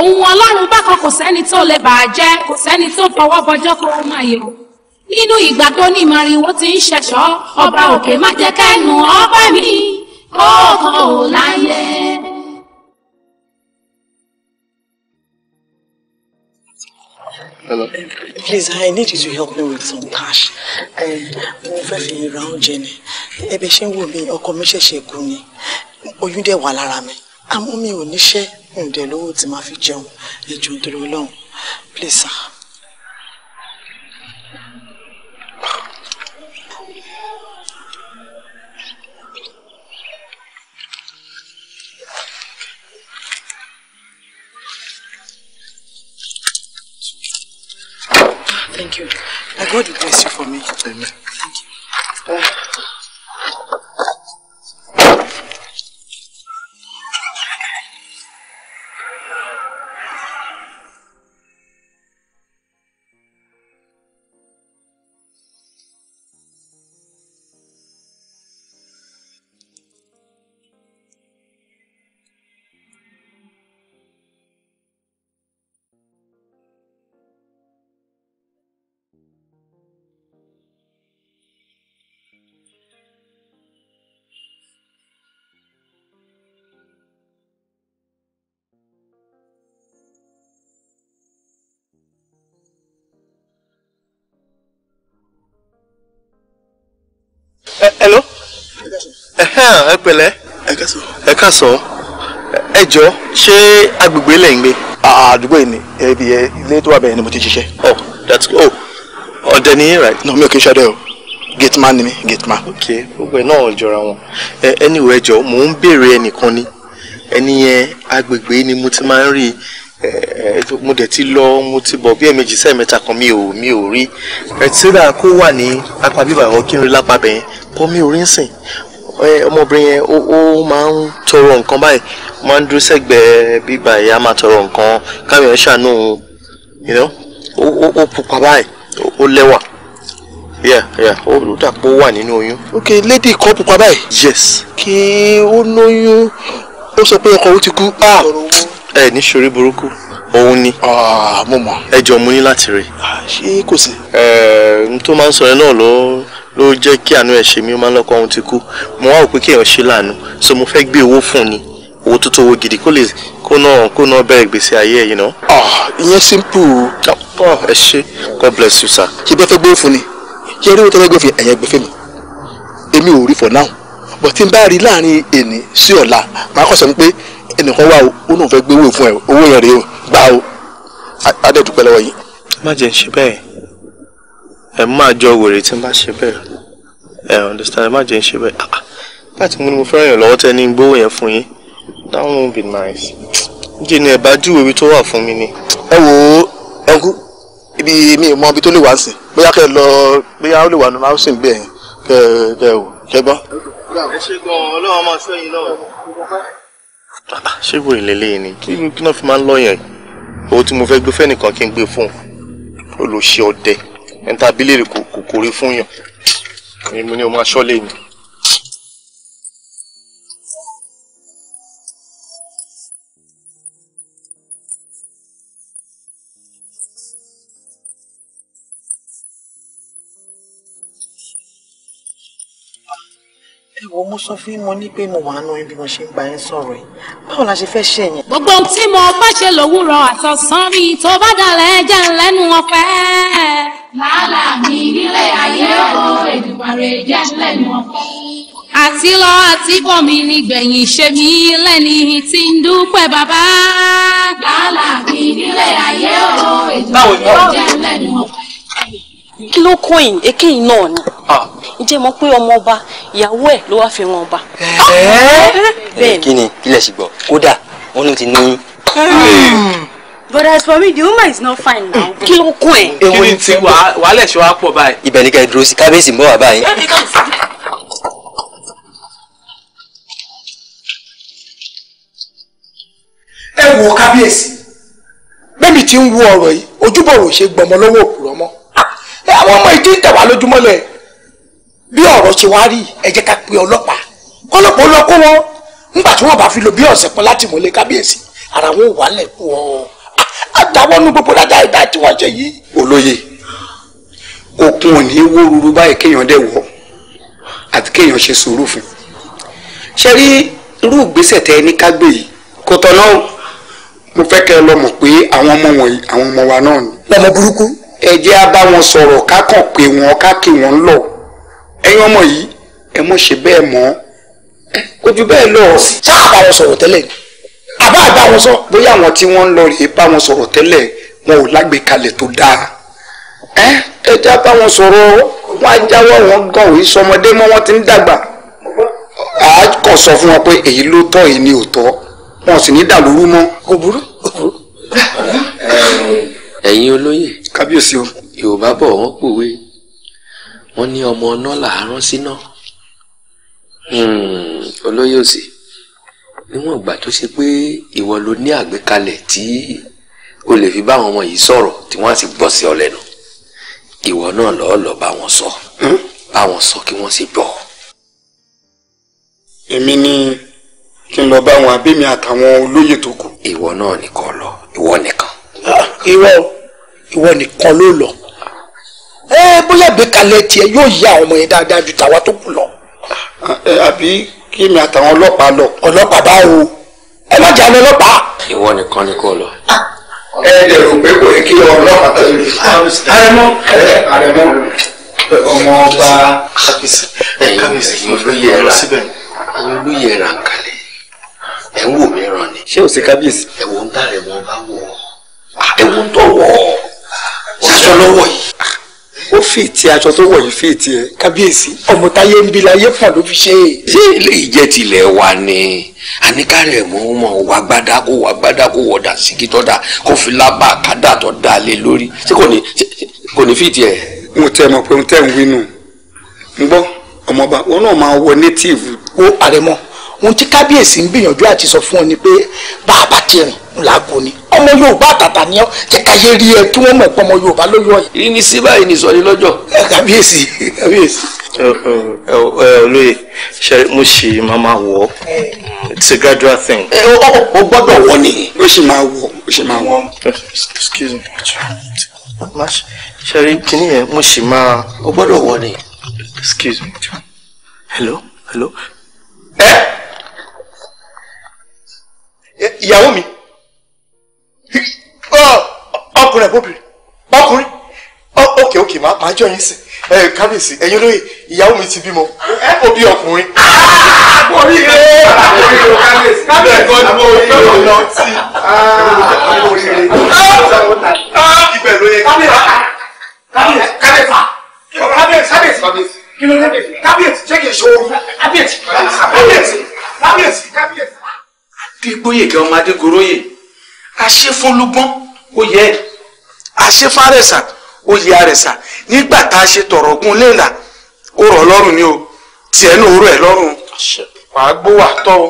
òun ọlọ́run bákan kò sẹ́ni tó lè bàá jẹ́ kò sẹ́ni tó fọwọ́ bọjọ́ kó o máa yọ. nínú ìgbà tó ní ìmọ̀rìnwó ti ń ṣẹ̀ṣọ́ ọba òkè má jẹ́ kẹ́nu ọba mi kóòkan ò láyé. Hello. Please, I need you to help me with some cash. Mo fẹ́ fi ra oúnjẹ ni. Ẹbẹ̀ ṣe ń wò mí, ọkọ mi ṣẹ̀ṣẹ̀ kú ni. Oyún dẹ̀ wà lára mi. Àmọ́ mi ò níṣẹ́ n lówó tí màá fi jẹun ẹjọ́ nítorí ọlọ́run please Thank you. May God bless you for me. Amen. Thank you. Uh, Eh, hello ẹ pẹ̀lẹ́ ẹ káàsán ẹ agbègbè lẹ ń gbé. àdúgbò ni ẹbí ilé tó wà bẹ́ẹ̀ ni mo ti ṣiṣẹ́. oh that's oh ọ̀dẹ ni right. no mi ò kí n ṣọdẹ o gate man ni mi gate man. ok gbogbo ẹ náà jọra wọn ẹ anyway mò ń ni ẹni yẹn ni mo ti máa ń rí mo lọ mo ti bọ̀ bí ẹ̀mejì kan mi ò mi ò rí kó wà ní apá bíbà pọ́nmi orí ń sìn ọmọbìnrin yẹn ó máa ń tọrọ nǹkan báyìí máa ń dúró sẹ́gbẹ̀ẹ́ bíbá ìyá máa tọrọ nǹkan káwọn èèyàn ṣàánú ó pupa báyìí ó lẹ́wà ó dà wà nínú oyún. ok lady kan pupa báyìí. yes. kí ó lóyún ó sọ pé ọkọ ó ti kú. Ah! ẹ ní sori burúkú òun ni. Ah, ẹ jọ mo ní láti rí. Ah, ṣé kò sí. ẹ n tó máa ń sọ yẹn náà ló ló jẹ́ kí àánú ẹ̀ ṣe mí ó máa ń lọ́kọ ohun ti kú mo wá wò kéèyàn ṣe láàánú so mo fẹ́ gbé owó fún ni owó tó tówó gidi kó lè kó náà kó náà bẹ̀rẹ̀ gbèsè ayé ẹ̀ yìí ná. Ah, ìyẹn simple. ọ ẹ ṣe god bless you sir. ṣe bẹ́ẹ̀ fẹ́ gbé fún ni ṣe eré wo tẹ́lẹ̀ gbé fún ẹ̀yẹ gbé fún mi èmi ò rí for now but tí n bá rí láàrin èní sí ọ̀la màá kọ́ sọ pé ẹnìkan wà ó náà fẹ́ gbé owó fún ẹ owó yẹn rèé o gbà o adẹ́dùpẹ́ lọ́wọ́ yìí. má jẹ́ ń ṣe bẹ́ẹ̀ ẹ máa jọ wèrè tí n bá ṣe bẹ́ẹ̀ ẹ understand ẹ má jẹ́ ń ṣe bẹ́ẹ̀ láti ah, mú ni mo fẹ́ràn yàn lọ́wọ́ tẹ́ ní gbówó yẹn fún yín that won't be nice jíjẹ ni ẹ bá júwe ibi tó wà fún mi ni. ẹ wò ó ẹnkú ibi mi ò mọ ibi tó lè wá sí bóyá kẹ lọ bóyá ó lè wà nínú housing bẹ́ẹ̀ kẹ kẹ wò kẹ gbọ́. ẹ ṣe gan ọlọ́run máa ṣe yín náà. Ah, ah, ṣé wèrè lélẹ́yìn ni kí ni kí náà fi máa ń lọ yẹn owó tí mo fẹ́ gbé fẹ́ nìkan kí n gbé fún un olùṣe ọdẹ ẹ̀ńtà bílẹ̀rì kò kórè fún yàn èmi ni mo máa ṣọ́lé ni. ìwọ mo sọ fún mo ní pé mo wà nù bí mo ṣe ń gba yín sọ̀rọ̀ yìí báwo la ṣe fẹ́ ṣe yẹn. gbogbo ohun tí mo bá ṣe lówùrọ̀ àtọ̀sán rí tó bá dalẹ̀ jẹ́ ńlẹ́nu ọ̀pẹ́. làálà mi nílé ayé o èdùbàrè jẹ́ ńlẹ́nu ọ̀pẹ́. àti lọ àti bọ̀ mi nígbẹ̀yìn ṣe mí lẹ́ni tí ń dúpẹ́ bàbá. làálà mi nílé ayé o èdùbàrè jẹ́ ńlẹ́nu ọ̀pẹ́ kí ló kún yìí èkéyìí náà ni ah. ǹjẹ́ mọ̀ pé ọmọ ọba ìyàwó ẹ̀ ló wá fi ran ọba. Eh? Eh, bẹ́ẹ̀ kí ni ilẹ̀ sì gbọ́ kódà wọ́n ní ti ní. Hmm. but as for me the woman is not fine now. Hmm. kí ló kún ẹ. ewu ni ti wàhálẹ̀ ṣe wá pọ̀ báyìí. ibẹ̀ ni ká ẹ dúró sí kábíyèsí ń bọ̀ wá báyìí. ẹ wo kábíyèsí bẹ́ẹ̀ mi ti ń wo ọ̀rọ̀ yìí ojúbọ̀rọ̀ ṣe gbọmọ lọ́wọ́ òkú tí ń tẹ̀ wá lójúmọ́lẹ̀ bí ọ̀rọ̀ ṣe wá rí ẹ jẹ́ ká pe ọlọ́pàá kọ́lọ́pàá ó lọ kó wọn nígbà tí wọ́n bá fi lò bí ọ̀sẹ̀ kan láti mọ̀lẹ́ kábíyèsí ara wọn ò wálẹ̀ kú ọ àdáwọ́nú ah, gbogbo dáadáa ìdá tí wọ́n ṣe yìí. olóye òkun ò ní wó ruru báyìí kéèyàn dẹ̀ wọ́ àti kéèyàn ṣe sùúrù fún ṣe rí irú ìgbésẹ̀ tẹ ní kágbé yìí kò tọ́ náà mo fẹ́ kẹ́ ẹ lọ mọ̀ pé àwọn ọmọ wọ̀nyí àwọn ọmọ wa náà ni. lọmọ burúkú ẹ jẹ́ á bá wọn sọ̀rọ̀ ká kàn pé wọn ká kí wọn lọ ẹ̀yin ọmọ yìí ẹ mọ̀ ṣe bẹ́ẹ̀ mọ́ kò jù bẹ́ẹ̀ lọ. ṣáà bá wọn sọ̀rọ̀ tẹ́lẹ̀ àbá àbá wọn sọ. bóyá àwọn tí wọ́n ń lọ rèé bá wọn sọ̀rọ̀ tẹ́lẹ̀ wọn ò lágbèkalẹ̀ tó dáa ẹ jẹ́ á bá wọn sọ̀rọ̀ wọn á jáwọ́ wọn gan òye sọmọdé mọ́ wọn ti ń dàgbà a kàn sọ fún wọn pé èyí ló tọ́ èyí ni ò tọ́ wọn sì ní dàlúrú mọ́. kò burú kò olóyè kábíyèsí o. yorùbá bọ̀ wọ́n pòwe wọ́n ní ọmọ ọ̀nà làárọ̀ síná hmm, olóyè òsì níwọ̀n ìgbà tó ṣe pé ìwọ ló ní àgbékalẹ̀ tí o lè fi bá àwọn ọmọ yìí sọ̀rọ̀ tí wọ́n á sì gbọ́ sí ọ lẹ́nu ìwọ náà lọ́ọ́ lọ bá wọn sọ hmm? bá wọn sọ kí wọ́n sì gbọ́. èmi ni kí n lọ bá àwọn abẹ́mi àtàwọn olóyè tó kù. ìwọ náà nìkan lọ ìwọ nìkan. ìwọ. Ah, ìwọ nìkan ló lọ ẹ bóyá ìgbékalẹ̀ tiẹ̀ yóò yí àwọn ọmọ yẹn dáadáa ju tàwa tó kù lọ. àbí kí mi àtàwọn ọlọ́pàá lọ. ọlọ́pàá báwo ẹ má jà lọ ọlọ́pàá. ìwọ nìkan ni kò lọ ẹ dẹ̀ rò pé kò yẹ kí ọlọ́pàá tó lè fi. àrẹ̀mọ àrẹ̀mọ ọmọ ọba kábíyèsí kábíyèsí mo fẹ́ yẹ ẹ̀rọ síbẹ̀. àwọn wò mí ràn ni. ṣé o ṣe kábíyèsí. ẹ̀wọ̀n ń tà mọ́ bá wọ̀ ẹ̀wọ̀n tó wọ̀ ọ́ aṣọ lọ́wọ́ yìí ó fìtì aṣọ tó wọ̀ yìí fìtì ẹ̀ kábíyèsí ọmọ táyé ń bi láyé pọ̀ ló fi ṣe é. ṣé eléyìí jẹ́ tilẹ̀ wa ni àníkàrẹ̀ mọ́ mọ́ wà gbádá kó wà gbádá kó wọ̀dà síkí tó dà kó fi lábà kádà tó dà lé lórí ṣé kò ní kò ní fìtì ẹ̀. mo tẹ mọ pé mo tẹ ń wí nù ń gbọ́ ọmọọba òun náà máa wọ native. wo àrẹ̀mọ ohun tí kábíyèsí ń gbìyànjú àti sọ fún ọ ni pé bá a bá ti rìn làágùn ni ọmọ yorùbá àtàtà ni ọ jẹ ká yé rí ẹ kí wọn mọ ìpọmọ yorùbá lórí ọyẹ. ìrìn ní sí báyìí ní ìsọ̀rí lọ́jọ́. kábíyèsí kábíyèsí. olóye ṣe mo ṣì máa máa wọ̀ ọ́ it's a gradual thing. o gbọ́dọ̀ wọ̀ ni. ó sì máa wọ̀ ó sì máa wọ̀. excuse me ṣe rí kíní yẹn mo ṣì máa. o gbọ́dọ̀ wọ̀ ni. excuse me hello hello. ẹ. Eh? Eh, ìyàwó mi ọkùnrin àbóbìnrin ọkùnrin òkè òkè máa bá jọ yín sí ẹ kábíyèsí ẹ̀yin olóyè ìyàwó mi ti bímọ ó bí ọkùnrin. àbórí rẹ àbórí rẹ kábíyèsí kábíyèsí kan ní orí rẹ lọ sí àbórí rẹ ibẹ̀ ló yẹ kábíyèsí kábíyèsí kábíyèsí kábíyèsí kí ló dé kábíyèsí jẹ́ kí n ṣòro kábíyèsí kábíyèsí kábíyèsí kábíyèsí gbígbóyèké ọmọ adégoróyè aṣẹ́fúnlúgbọ́n ó yẹ ẹ̀ aṣẹ́fárẹ̀sà ó yẹ àrẹ̀sà nígbà tá a ṣe tọ̀rọ̀ ogun léèlà ó rọ̀ lọ́rùn ni o tiẹ̀ náà ó rọ̀ ẹ̀ lọ́rùn wàá gbó wà tọ́ o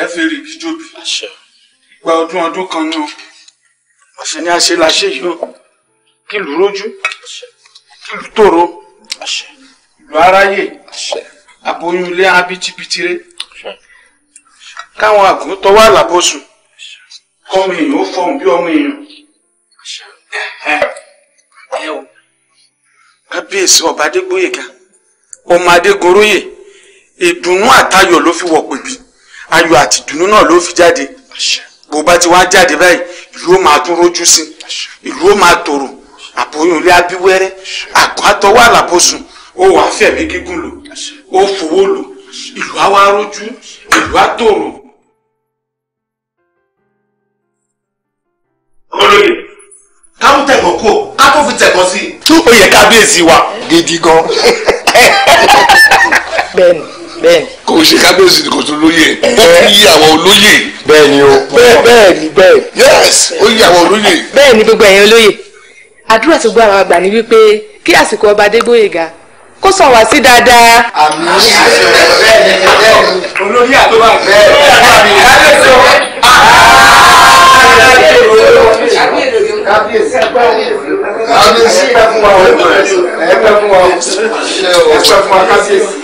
ẹ fi rí ibi jóbi gba ọdún ọdún kan ni o àṣẹ ni àṣẹ la ṣe yìí o kí ìlú rójú kí ìlú tòrò ìlú aráyè aboyún ilé abitibitire káwọn àgùntàn wà lábọ́sùn kọ́mọ èèyàn ó fọ̀hún bí ọmọ èèyàn. kábíyèsí ọba adégbóyè ká ọmọ adégoróyè ìdùnnú àtayọ̀ ló fi wọ̀ pèbí ayọ̀ àti ìdùnnú náà ló fi jáde bó bá ti wá jáde báyìí ìlú ó máa tún rójú sí ìlú ó máa tòrò àbóyún ilé abíwẹ́rẹ́ àgbàtọ̀ wà lábọ́sùn ó wàá fẹ̀mí gígùn lò ó fowó lò ìlú á wá rójú ìlú á tòrò. olóyè káwọn tẹ̀gbọ́n kú ká tó fi tẹ̀gbọ́n sí i. ó yẹ kábíyèsí wa gidi gan. bẹ́ẹ̀ni bẹ́ẹ̀ni. kò ṣe kábíyèsí kò tó lóye ó fi yí àwọn olóyè. bẹ́ẹ̀ni o. bẹ́ẹ̀ bẹ́ẹ̀ni bẹ́ẹ̀ni. yes ó yí àwọn olóyè. bẹ́ẹ̀ni gbogbo ẹ̀yin olóyè àdúrà tó gbọ́ àwọn àgbà ní wípé kí àsìkò ọba Adégbóyèga kó sọ wá sí dáadáa. àmì ìṣe bẹ́ẹ̀ni olóyè àtọ́wà bẹ́ẹ̀ kábíyèsí kábíyèsí ẹgbẹ́ fún wa o ẹgbẹ́ fún wa o ẹgbẹ́ fún wa kábíyèsí.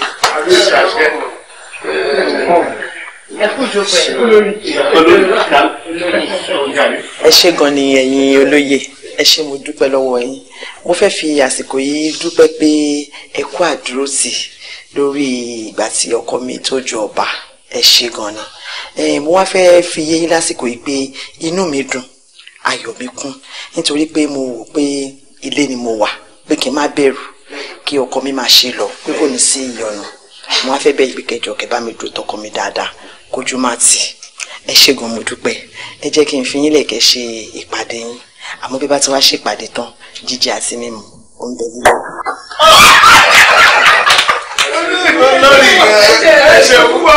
ẹ ṣé gan ni ẹ̀yin olóye ẹ ṣé mo dúpẹ́ lọ́wọ́ yín mo fẹ́ fi àsìkò yìí dúpẹ́ pé ẹ kú àdúrótì lórí ìgbà tí ọkọ mi tó ju ọba ẹ ṣe gan ni mo wá fẹ́ fi yé yín lásìkò yìí pé inú mi dùn ayọ̀ mi kún nítorí pé mo wò pé ilé ni mo wà pé kí n má bẹ̀rù kí ọkọ mi máa ṣe lọ pé kò ní sí ìyọnu mo wá fẹ́ bẹ̀ ìgbé kẹjọ kẹ mi dúró tọkọ mi dáadáa kójú má tì ẹ ṣe gan mo dúpẹ́ ẹ jẹ́ kí n fi yín lẹ̀kẹ́ ṣe ìpàdé yín àmọ́ bí bá ti wá ṣèpàdé tán jíjẹ àti mímu oúnjẹ lílo olórí ah, ẹ ṣe púpọ̀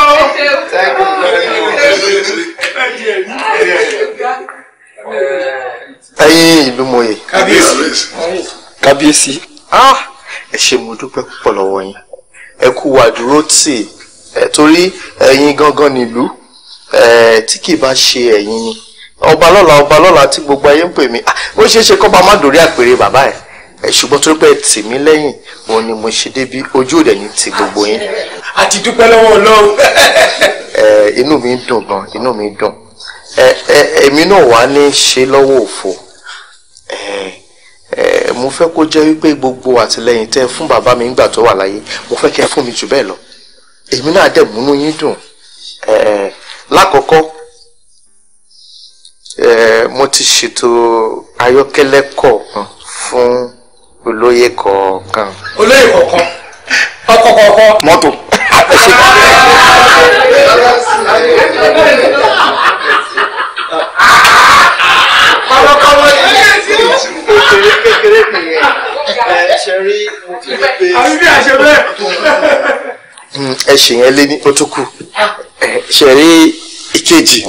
ẹ̀yin ìlú mòye kábíyèsí ẹ ṣe mo dúpẹ́ púpọ̀ lọ́wọ́ yín ẹ kú wà dúró tì ẹ torí ẹ̀yin gangan nílùú tí kì í bá ṣe ẹ̀yin ọba lọ́la ọba lọ́la tí gbogbo ayé ń pè mí ah, ó ṣeé ṣe kọ́ba má dòrí àpèrè bàbá ẹ̀ ṣùgbọ́n tó bẹ́ẹ̀ tì mí lẹ́yìn òun ni mo ṣe débi ojú òde ní ti gbogbo yín. a ti dúpẹ́ lọ́wọ́ ọlọ́run. inú mi dùn gan inú mi dùn èmi náà wà ní ṣe lọ́wọ́ òfò mo fẹ́ kó jẹ́ wípé gbogbo àtìlẹ́yìn tẹ́ fún bàbá mi nígbà tó wà láyé mo fẹ́ kẹ́ fún mi jù bẹ́ẹ̀ lọ èmi náà dẹ̀ múnú yín dùn lákọ̀ọ́kọ́ mo ti ṣètò ayọ́kẹ́lẹ́ kọ̀ọ̀kan fún olóyè kọ̀ọ̀kan. olóyè kọ̀ọ̀kan ọkọ̀ kọ̀ọ̀kan. mọ́tò. kékeré kékeré nìyẹn ẹ ṣe rí mo fi ní pé. àbí bí a ṣe bẹ́ẹ̀ hmm, ẹsìn yẹn lé ní otuku ṣẹ̀rí ìkejì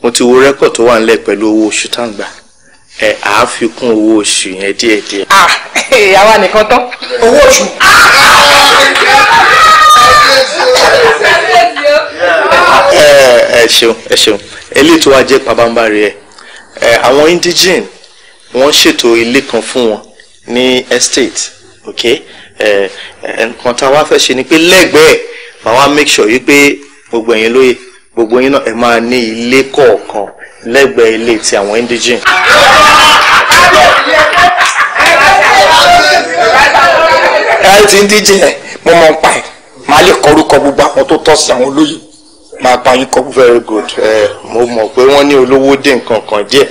mo ti wo rẹ́pọ̀ tó wà nílẹ̀ pẹ̀lú owó oṣù tá ń gbà ẹ á fi kún owó oṣù yẹn díẹ̀ díẹ̀. ah eh, àwa nìkan tán owó oṣù. ẹ ṣeun ẹ ṣeun eléyìí tó wá jẹ́ pabambarì ẹ àwọn indigene wọ́n ṣètò ilé kan fún wọn ní estate ok nǹkan tá a wá fẹ́ ṣe ni pé lẹ́gbẹ̀ẹ́ màá wá make sure yìí pé gbogbo ẹ̀yin lóye gbogbo yín náà ẹ máa ní ilé kọ̀ọ̀kan lẹ́gbẹ̀ẹ́ ilé ti àwọn indigene. ẹ ti indigene mo mọ̀ pa ẹ̀ máa lè kọ orúkọ gbogbo àwọn tó tọ́ sí àwọn olóyè máa pa yín kọ. very good ẹ mo mọ̀ pé wọ́n ní olówó dé nǹkan kan díẹ̀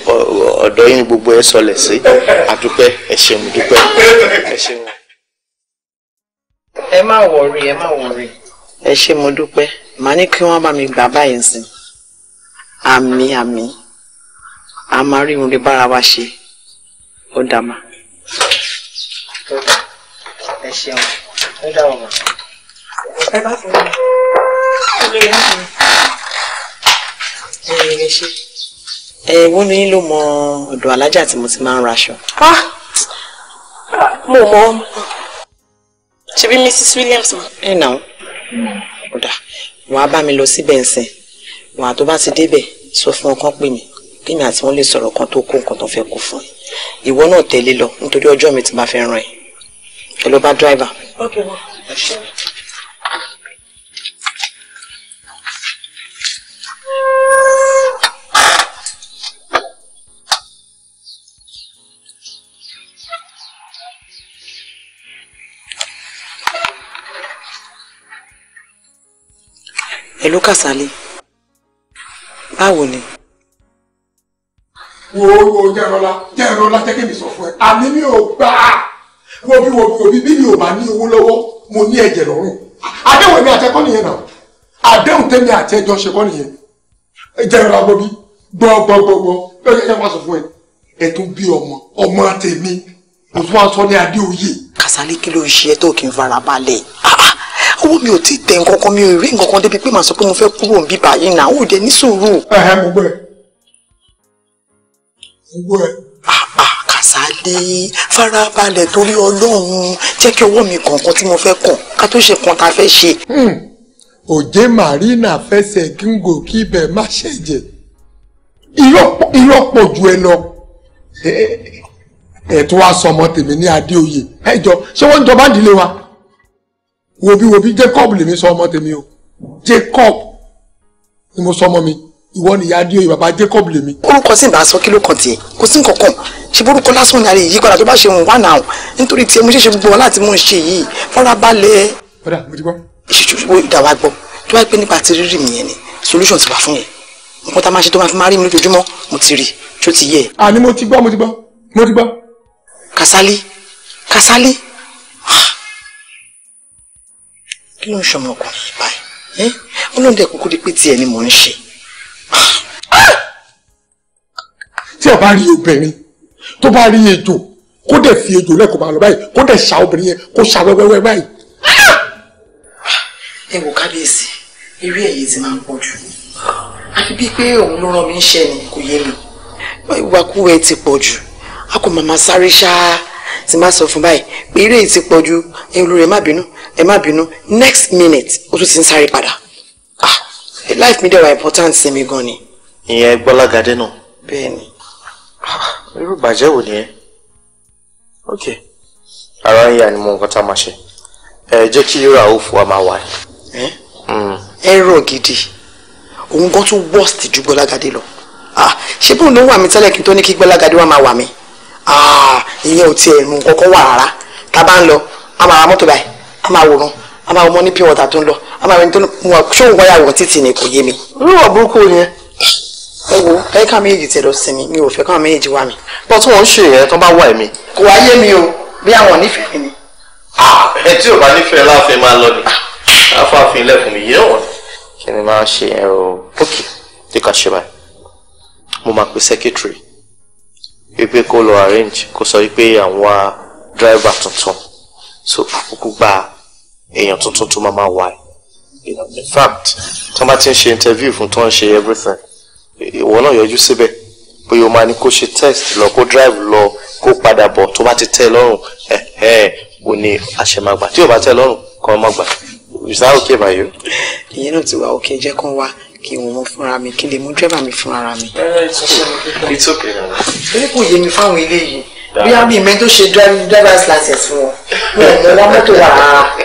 ọ̀dọ̀ yín gbogbo ẹ sọlẹ̀ sí àdúpẹ́ ẹ ṣeun dúpẹ́ ẹ ṣeun. ẹ má wọrí ẹ má wọrí ẹ ṣé mo dúpẹ́ màá ní kí wọ́n bá mi gbà báyìí sí àmì àmì a máa rí orin bára wa ṣe ó dá ma. ẹ ṣeun ó dá ọmọ. ẹ bá fún mi olóyè á fún mi. ẹ ṣe ẹ wọ́n ní ló mọ ọ̀dọ̀ alájà tí mo ti máa ń raṣọ. mo mọ ṣe bí Mrs. Williams ma. ẹ nà ó hmm. ó dà wàá bá mi lọ síbẹ̀ ǹsìn wàá tó bá ti débẹ̀ sọ fún ọkàn pè mí kémi àti wọn lè sọ̀rọ̀ kan tó kó nǹkan tó fẹ́ kó fún ẹ ìwọ náà tẹ̀lé lọ nítorí ọjọ́ mi ti bá fẹ́ ràn ẹ ẹ lọ bá dráìvà. ok wọn ẹ ṣe. Hello Kasali báwo ni wo wo jẹrọla jẹrọla jẹ́ kí mi sọ fún ẹ àní mi ò gbà á wo bí wo bí wo bí bí mi ò bá ní owó lọ́wọ́ mo ní ẹ̀jẹ̀ lọ́rùn àdéhùn mi àtẹkọ́ nìyẹn náà àdéhùn tẹ́mi àti ẹjọ́ ṣe kọ́ nìyẹn jẹrọla gbọbí gbọgbọgbọgbọ yóò yẹ kí wọ́n sọ fún ẹ ẹ tún bí ọmọ ọmọ tèmi kò tún wá sọ ní adéoyè. Kàsálí kí ló ń ṣe tó kí n fara balẹ̀ ah, ah. owó mi ò ti tẹ̀ nǹkan kan mi ò rí nǹkan kan débi pé màá sọ pé mo fẹ́ kúrò ń bíbá yìí náà ó dẹ ní sùúrù. ẹ ẹ mo gbọ́ owó ẹ. Ah, ah, Kàsádé farabalẹ̀ torí Ọlọ́run jẹ́ kí ọwọ́ mi kọ̀ọ̀kan tí mo fẹ́ kàn ká tó ṣe kan tá a fẹ́ ṣe. Hmm. Òjé Marina fẹsẹ̀ gíngò kí ibẹ̀ má ṣẹ̀jẹ̀. Irọ́ pọ̀ ju ẹ lọ. Ẹ̀tún wa sọ ọmọ tèmi ní Adéoyè. Ẹ jọ ṣé wọ́n ń jọba ìdílé wa? Wobi wobi Jacob lèmi sọ ọmọ tèmi o. Jacob ni mo sọ ọmọ mi ìwọ nìyá díò ìwà bá Jacob lèmi. orúkọ sì bá sọ kí ló kàn tiẹ̀ kò sí nǹkan kan ṣe borúkọ lásán ni àrẹ yìí padà tó bá ṣe wọn wà náà nítorí tiẹ̀ mo ṣẹ̀ṣẹ̀ gbọ́ láti mú un ṣe yìí farabalẹ̀. padà mo ti gbọ́. ìṣòṣòṣò ìdàwà gbọ́ tó bá pẹ́ nípa ti rírì mi yẹn ni solution ti wà fún yẹn nǹkan tá a máa ṣe tó máa fi máa rí mi lójoojúmọ́ mo ti rí tó ti yẹ. àní mo ti gbọ́ mo ti gbọ́ mo ti gbọ́. Kasali Kasali kí ló ń ṣọmọkùnrin báyìí ó ló ń dẹ̀ kúkú tí o bá rí obìnrin tó bá rí ejò kó dẹ̀ fi ejò lẹ́kọ̀ọ́ bá lọ báyìí kó dẹ̀ ṣà obìnrin yẹn kó ṣà wẹ́wẹ́wẹ́ báyìí. ẹ wò kábíyèsí eré ẹ̀yẹ ti máa ń pọ̀ jù àfi bíi pé òun ló rán mi iṣẹ́ ni kò yé mi. ìwàkuwà ti pọ̀ jù a kò màmá sáré ṣáá ti máa sọ fún báyìí pé eré yìí ti pọ̀ jù ẹ olórí ẹ má bínú ẹ má bínú next minute ó tún ti ń sáré padà life mi dẹ̀ wà important sí mi gan ni. ìyẹn gbọ́lágadé náà. bẹ́ẹ̀ ni. Ah, irú bàjẹ́ wo nìyẹn. ok ara ń yà ni mo nǹkan tá a máa ṣe ẹ jẹ́ kí irú àwòfù wa máa wà. ẹ hmm. rọ gidi òun gan tún worst ju gbọ́lágadé lọ ah, ṣé bóun ló wà mí tẹ́lẹ̀ kí n tó ní kí gbọ́lágadé wà máa wà mí ah, ìyẹn ò tiẹ̀ mú nǹkan kan wà rárá tá a bá ń lọ a máa ra mọ́tò báyìí a máa wòran ama máa mọ ní pure water tó ń lọ a máa rìn tó ń wọ ṣóun wáyàwó ni kò yé mi. rúwọ̀ burúkú yẹn. ẹ wo ẹ ká méjèèjì tẹ lọ sí mi mi ò fẹ́ ká méjèèjì wá mi. bọ́ tí wọ́n ń ṣe yẹn tó bá wà mí. kò mi o bí àwọn nífẹ̀ẹ́ mi ni. ẹ tí ò bá nífẹ̀ẹ́ láàfin máa lọ ni àfààfin lẹ́kùn mi yé wọn. kí ni máa ṣe ẹ o ókè tí ká ṣe báyìí mo máa pe secretary wípé kó lọ arrange kó sọ wípé àwọn driver tuntun so àkókò gbà èèyàn tuntun tó máa máa wà you know in fact tí wọ́n bá ti ń ṣe interview fún tí wọ́n ń ṣe everything ìwọ náà yọjú síbẹ̀ pé o máa ní kó ṣe test lọ kó drive lọ kó padà bọ̀ tó bá ti tẹ́ ẹ lọ́rùn ẹ ẹ o ní àṣemágbà tí o bá tẹ́ ẹ lọ́rùn kọ́ ọ má gbà is that okay by you. ìyẹn náà ti wá òkè jẹ́ kán wá kí wọn mọ fúnra mi kí lè mú dírẹ́bà mi fúnra mi. Eh, it's okay nana. torí kò yé mi fáwọn eléyìí bí a bí mi tó ṣe driver's license fún wọn mi ò mọ wọn mọ́tò rárá.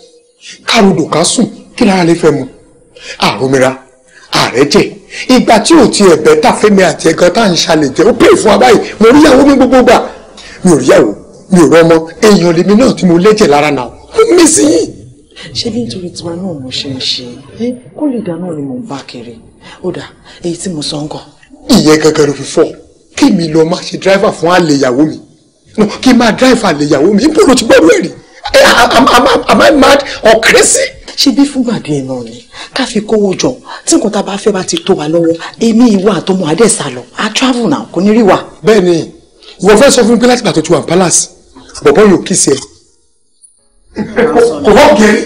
kárùdò ká sùn kí lára lè fẹ́ mu àrùnmíra ààrẹ jẹ ìgbà tí ò ti ẹ̀bẹ̀ tà fẹ́mi àti ẹ̀gàn tá à ń ṣàlẹ̀ jẹ́ ó pè fún wa báyìí mo rí ìyàwó mi gbogbo gbà mi ò rí ìyàwó mi ò rọmọ èèyàn lèmi náà tí mo lẹ́jẹ̀ lára náà ó mí sí yìí. ṣé bí nítorí tiwa náà mo ṣe ń ṣe é kó lè dáná ni mò ń bá kiri ó dà èyí tí mo sọ ń kọ. ìyẹn gangan ló fi fọ kí mi lọ má ṣe dráìfà fún àlè ìyàwó mi kí n máa dráìfà àlè ìyàwó mi ibo ló ti gbọ́dọ̀ ẹ̀rí Eh, am, I mad or crazy? She be fúngbà díẹ̀ náà ni ká fi kówó jọ tí nǹkan tá a bá fẹ́ bá ti tó wa lọ́wọ́ èmi ìwà àtọmọ adẹ́sà lọ a travel náà kò ní rí wa. bẹ́ẹ̀ni ìwọ fẹ́ sọ fún mi pé láti gbàtọ tí wà ní palace bọbọ yóò kí sí ẹ. kò wọ́n gẹ̀ẹ́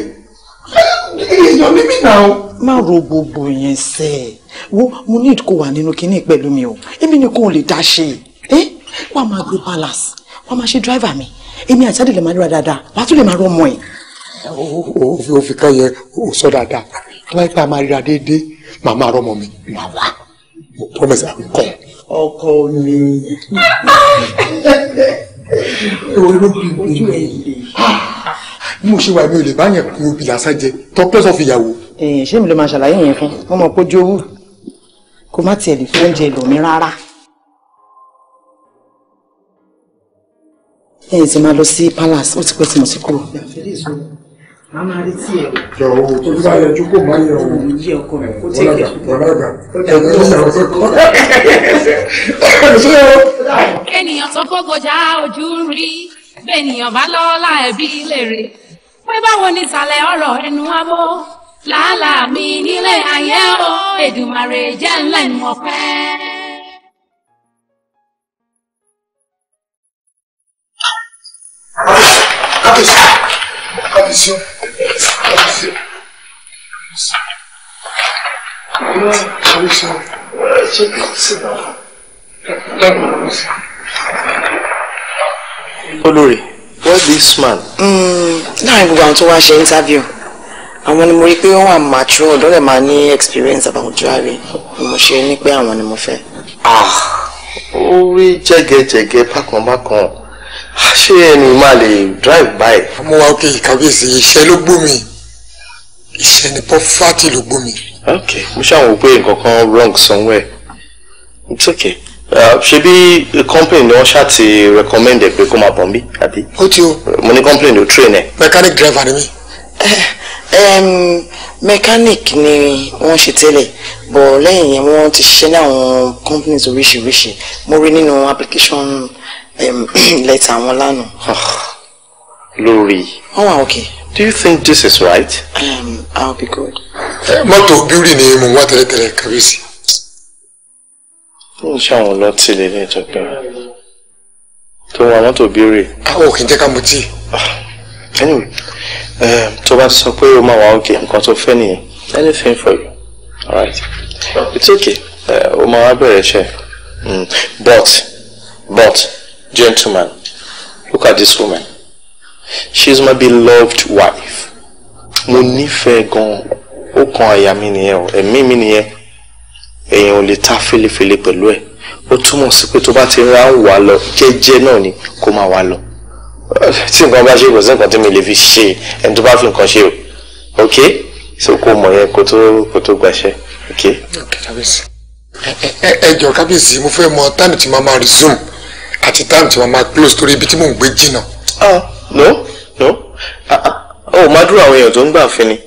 èèyàn ní now. náà. má ro gbogbo yẹn sẹ wo mo need kó wà nínú kinní pẹ̀lú mi o èmi ni kò lè dá ṣe é eh, wàá máa gbé palace wàá máa ṣe driver mi èmi àti àdìlẹ̀ máa ríra dáadáa látún lè máa rọ́ ọmọ ẹ̀. o fi kan yẹn o sọ dáadáa aláìpẹ́ a máa ríra déédéé màá máa rọ́ ọmọ mi màá wá mo promise àwọn kọ́. ọkọ mi olóbi mi bí mo ṣe wà mi ò lè bá yẹn kú obì lásán jẹ tọpẹ́ sọ fi yàwó. ṣé mi ló máa ṣàlàyé yẹn fún ọmọ kó jó kó má tiẹ̀ lè fi oúnjẹ lò mí rárá. ẹ ti máa lọ sí palace ó ti pẹ́ tí mo ti kúrò. màmá rí tí ẹ. jọ o tó bá yọjú kó má ojú rí bẹ́ẹ̀nìyàn bá lọ́ọ́lá ẹ̀bí lèrè pé báwo ni ìsàlẹ̀ ọ̀rọ̀ ẹnu wa làálàá mi nílé ayé o Èdùmàrè jẹ́ ńlẹ̀ ní kábíyèsí olórí what this man. Hmm, láàrin gbogbo àwọn tó wá ṣe interview àwọn ni mo rí pé wọn wà mature ọdọ rẹ máa ní experience about driving ni mo ṣe ní pé àwọn ni mo fẹ́. Ah, ó rí jẹ́gẹ́jẹ́gẹ́ bákan bákan ṣé ẹni máa lè drive by. ọmọ wa òkè ìkàwéèsì iṣẹ́ ló gbómi iṣẹ́ ni pọ́fátì ló gbómi. ok mo ṣàwọn pé nǹkan wrong somewhere it's okay ṣebí uh, complain ni wọ́n ṣáà ti recommend ẹ pé kó máa bọ̀ mí àbí. ó ti o. mo ní complain o train ẹ. mechanic driver ni mí. um, mechanic ni wọ́n ṣe tẹ́lẹ̀ bọ̀ lẹ́yìn yẹn wọ́n ti ṣiṣẹ́ ní àwọn companies oríṣiríṣi mo rí nínú application. No lẹ́tà wọn lánàá. Ah, lórí. wọ́n Oh, okay. do you think this is right. Um, i'll be good. Eh, mọ́tò bíúrì ni mo wá tẹ́lẹ̀tẹ́lẹ̀ kàbíyèsí. ó ń ṣàwọn ọlọ́tí lélẹ̀ tó to tó wọn mọ́tò bíúrì. àwọn òkè ń jẹ́ ká mu tíì. Ah, anyway eh, tó bá sọ pé o máa wà òkè nǹkan tó anything for you All right, it's okay o eh, máa wá bẹ̀rẹ̀ iṣẹ́ hmm, but but. Gentlemen, look at this woman. She's my beloved wife. Mo nífẹ̀ẹ́ gan-an. Ó kan àyà mi nìyẹn o, ẹ̀mí mi nìyẹn. Èèyàn ò lè ta felefele pẹ̀lú ẹ̀. Ó túmọ̀ sí pé tó bá ti ra ń wà lọ jẹ́jẹ́ náà ni kó máa wà lọ. Tí nǹkan bá ṣe kò sí nǹkan tí mi lè fi ṣe ẹni tó bá fi nǹkan ṣe o. Ok? So kó mọ̀ yẹn kó tó kó tó gbàṣẹ. Ok? Ok, kábíyèsí. Ẹ ẹ ẹ jọ kábíyèsí mo fẹ́ mọ táìmù tí máa resume àti time tí wọ́n máa close torí ibi tí mò ń gbé jìnnà. ah no no ó ah, ah, oh, máa dúró àwọn èèyàn tó ń gbà fún ni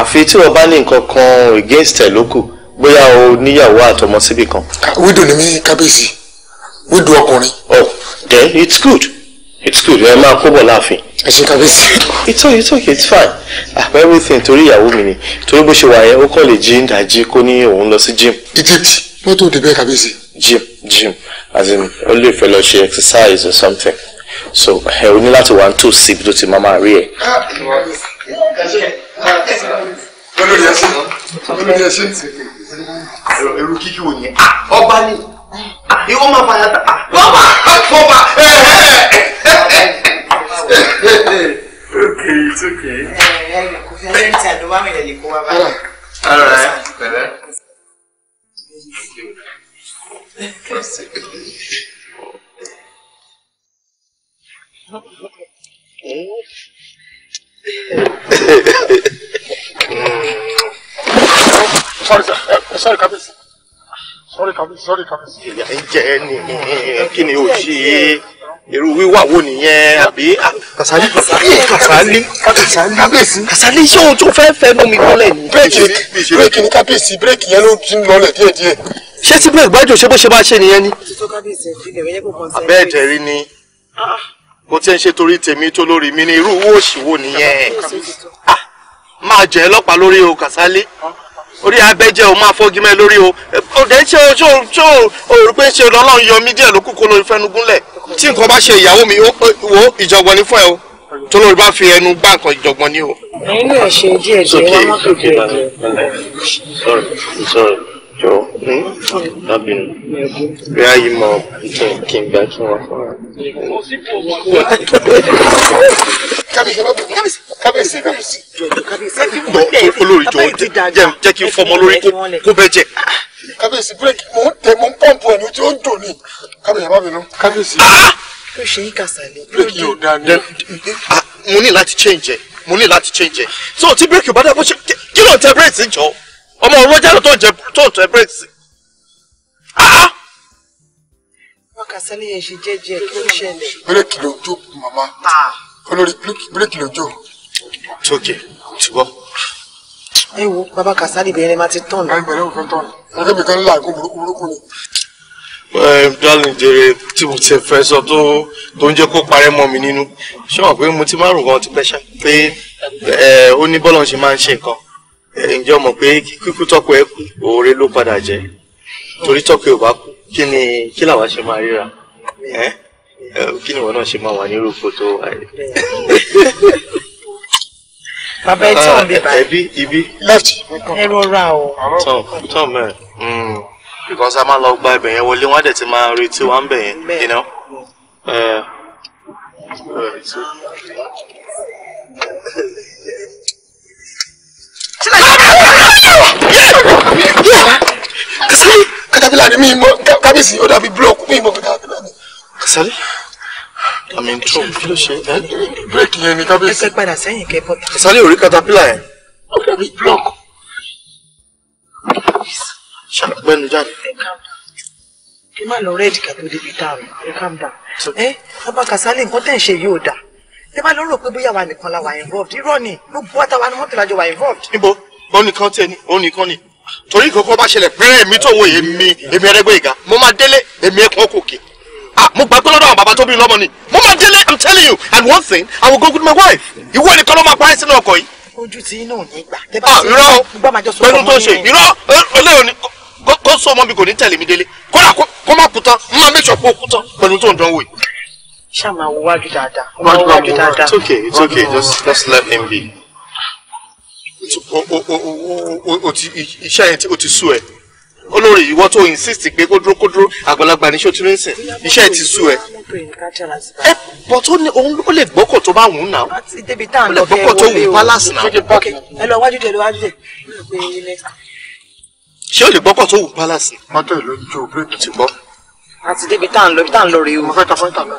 àfi tí wọ́n bá ní nǹkan kan against ẹ̀ lókù bóyá o níyàwó àtọmọ síbì kan. wíìdù ni mí kábíyèsí wíìdù ọkùnrin. oh then it's good it's good ẹ máa kó bọ̀ láàfin. ẹ ṣe kábíyèsí. it's okay it's okay it's fine ah everything torí ìyàwó mi ni torí bó ṣe wà yẹn ó kàn lè jí ń dàjí kó ní òun lọ sí gym. egypt mọ́tò òde bẹ́ẹ̀ kábíyèsí. gym gym as in only lè fẹ́ exercise or something so ẹ o ní láti wà ní tòsí ibi tó ti máa máa rí ẹ. okay it's okay. ẹ ẹ sorry, sir. sorry, Kabis. Sorry, Kabis. Sorry, Kabis. Ǹjẹ́ ni kí ni o ṣe? èrò wíwà wo nìyẹn àbí. kàsálí kàsálí eh, kàsálí kábíyèsí. kàsálí iṣẹ́ ohun tó fẹ́ẹ́ fẹ́ lómi lọ́lẹ̀ ni. bírèkì ni bírèkì ni kábíyèsí bírèkì yẹn ló ti ń lọlẹ̀ díẹ̀díẹ̀. ṣé tí bírèkì bá jò ṣe bó ṣe bá ṣe nìyẹn ni. bẹ́ẹ̀ jẹ̀rí ni bó ti ń ṣe torí tèmi tó lórí mi ni irú owó òṣìwò nìyẹn ah, máa jẹ́ ọlọ́pàá lórí o kàsálí orí abẹ́jẹ́ o máa fọ́gi mẹ́ lórí o òde ṣe o ṣe o pé ṣe lọ́lọ́run yọ mí díẹ̀ ló kó lórí fẹnugúnlẹ̀. tí nǹkan bá ṣe ìyàwó mi wo ìjọ̀gbọ̀n ní fún ẹ o tó lórí bá fi ẹnu gbá nǹkan ìjọ̀gbọ̀n ní o. ẹ̀yin náà ṣe díẹ̀ díẹ̀ wọn má pè Lábìnú. Bí a yìí mọ kí n gbà kí wọ́n fún wa. Kábíyèsí kábíyèsí kábíyèsí. Jọ olórí jọ jẹ́ kí n fọmọ lórí kó bẹ́ jẹ. Kábíyèsí bírèkì mò ń tẹ mò ń pọ́ǹpù ẹni tí ó ń dùn ni. Kábíyèsí bábìnú. Kábíyèsí. Kí o ṣe yín kàsálẹ̀. Bírèkì yóò dáa ni. Mo ní láti change ẹ̀ mo ní láti change ẹ̀. So tí bírèkì ò bá dá bó ṣe kí ló ń tẹ bírèkì jọ? Ọmọ òun ló jẹ́ tó ń tẹ bírèkì sí wákàtí yẹn ṣe jẹ́jẹ́ kí ló ṣẹlẹ̀. bírèkì ló jó màmá olórí bírèkì ló jó. tókè tìwọ. ẹ wo bàbá Kàsálì bẹ̀rẹ̀ máa ti tán. báyìí bẹ̀rẹ̀ òfin tán ọ̀rẹ́ mi kan láàgùn burúkú ni. darling jèrè tí mo ti fẹ́ sọ tó tó ń jẹ́ kó parẹ́ mọ́ mi nínú ṣé wọn pé mo ti máa rò gan ti pẹ́ ṣá pé ó ní bọ́lọ̀ ń ṣe máa ń ṣe nǹkan ǹjẹ́ o mọ̀ pé kíkú tọ́kọ ẹ kú òòrè ló padà jẹ́ torí tọ́pẹ́ ò bá kú kí ni kí làwa ṣe máa ríra kí ni ìwọ náà ṣe máa wà ní rògbò tó wà yìí. bàbá ẹ tí wọn bẹ báyìí. Ah, ẹbí ibi. left ẹ rọra o. tán tán mẹ hmm. because a máa lọ gba ibẹ̀ yẹn wọlé wọn á dẹ̀ ti máa retí wa ń yẹn you know. Uh, uh, katapila ni mi mọ kábíyèsí ó dàbí búlọ̀kù mi mọ katapila ni. sáré àmì ń tún kí ló ṣe ẹ. bírèkì yẹn ni kábíyèsí. ẹ fẹ́ padà sẹ́yìn kẹ́ bọ́ta. sáré ò rí katapila yẹn. ó dàbí búlọ̀kù. ṣàgbẹ́nu jáde. kí má lọ rẹ́ẹ̀dì kàtó débi tá a calm down. ẹ bàbá Kasali nǹkan tẹ̀ ń ṣe yóò dáa tẹ bá lọ rò pé bóyá wa nìkan la wà involved irọ́ ni gbogbo àtàwọn ni wọ́n tẹ̀lé àjọ wà involved. níbo òun nìkan tẹ ni òun nìkan ni torí kòkó bá ṣẹlẹ̀ pẹ́rẹ́ mi tó wo èmi èmi Ẹrẹ́gbẹ́yìgá mo máa délé èmi ẹ̀kọ́ òkòkè mo gbà lọ́dọ̀ àwọn bàbá tó bí lọ́mọ ni mo máa délé i'm telling you and one thing i will go with my wife ìwọ ẹni kan ló máa pa ẹ́ sínú ọkọ̀ yìí. ojú ti inú ní gbà. irọ́ pẹ̀lú tó ṣe irọ́ olóòní kó so mọ́ mi kò ní tẹ̀lé mi délé kódà kó má kú tán má make sure kó kú tán pẹ̀lú tó ń dánwò yìí. ṣáà máa wo wájú dáadáa. wájú dáadáa it's okay it's okay just just let him be iṣẹ́ yẹn o ti sú ẹ olórí ìwọ tó insist pé kó dúró kó dúró àgbàlagbà ní sọtún nísìn iṣẹ́ ẹ ti sú ẹ. ẹ bọ̀ tó ní òun ó lè gbọ́kọ̀ tó bá wù ú náà ó lè gbọ́kọ̀ tó wù ú palace náà. ẹ lọ wájú dé lọ wájú dé ṣé o lè gbọ́kọ̀ tó wù palace. mọ́tò ìlú ju bírèkì ti gbọ́. àti débi tá à ń lọ rèé o. mo fẹ́ ta fọ́ńtà lọ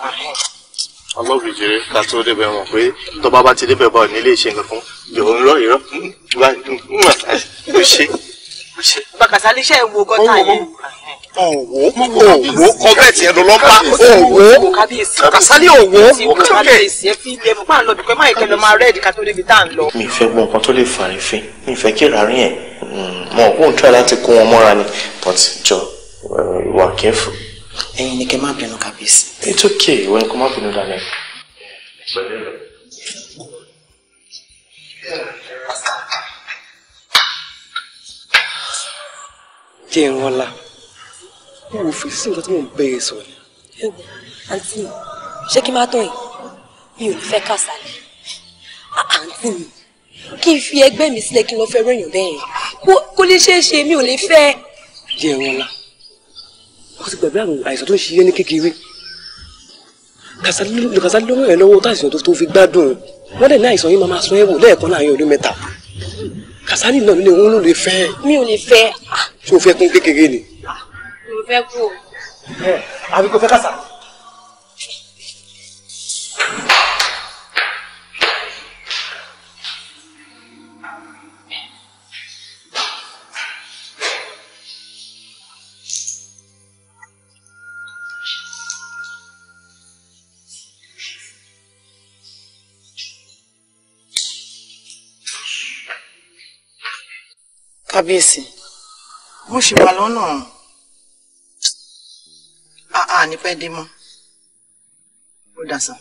ọlọ́ọ̀bì jèrè ká tó débẹ̀ mọ̀ pé tọ́ba bá ti débẹ̀ bá ò ní lè ṣe nǹkan fún ìjọba ńlọ ìrọ́ ó ṣe ó ṣe. bàkàsà ní iṣẹ́ ìwo gọ́tà yìí. òwò òwò kọ́bẹ̀tì ẹ̀ ló lọ́ bá òwò kàsálí òwò òkèké. ẹ fi ilé fún pàǹlọ́ bí pé má ìkẹ́ lọ máa rẹ́ẹ̀dì ká tó débi tá à ń lọ. mi ì fẹ́ gbọ́ nǹkan tó lè fàrífín mi ì fẹ́ kí ìràárín ẹ̀ mm, mọ̀ òun try láti kó wọn mọ́ra ni but jọ uh, wà careful. ẹ̀yin ni kẹ má bínú kábíyèsí It's okay. When come up in the name. Dénwọ́lá, mo wò fi sí nǹkan tí mò ń bẹ̀rẹ̀ sọ ni. Àǹtí mi, ṣé kí n máa tán yìí? Mi ò ní fẹ́ kàṣálẹ̀. Ah, àǹtí mi, kí n fi ẹgbẹ́ mi sílẹ̀ kí n lọ fẹ́ ròyìn bẹ́ẹ̀ yẹn. Kó lè ṣeé ṣe mi ò lè kàṣà ló ràn ẹ́ lọ́wọ́ tá àìsàn tó fi gbádùn wọ́n lè ní àìsàn yìí máa máa sún ẹ́ wò lẹ́ẹ̀kan láàrin ọdún mẹ́ta kàṣálì náà ló ń lò lè fẹ́. mi ò lè fẹ́. ṣé o fẹ́ kún kékeré ni. Ah, mo fẹ́ kú o. àbí kò fẹ́ kàṣà. kábíyèsí mo ṣì wà lọ́nà àà ní pẹ́ dé mọ́ ó dà sàn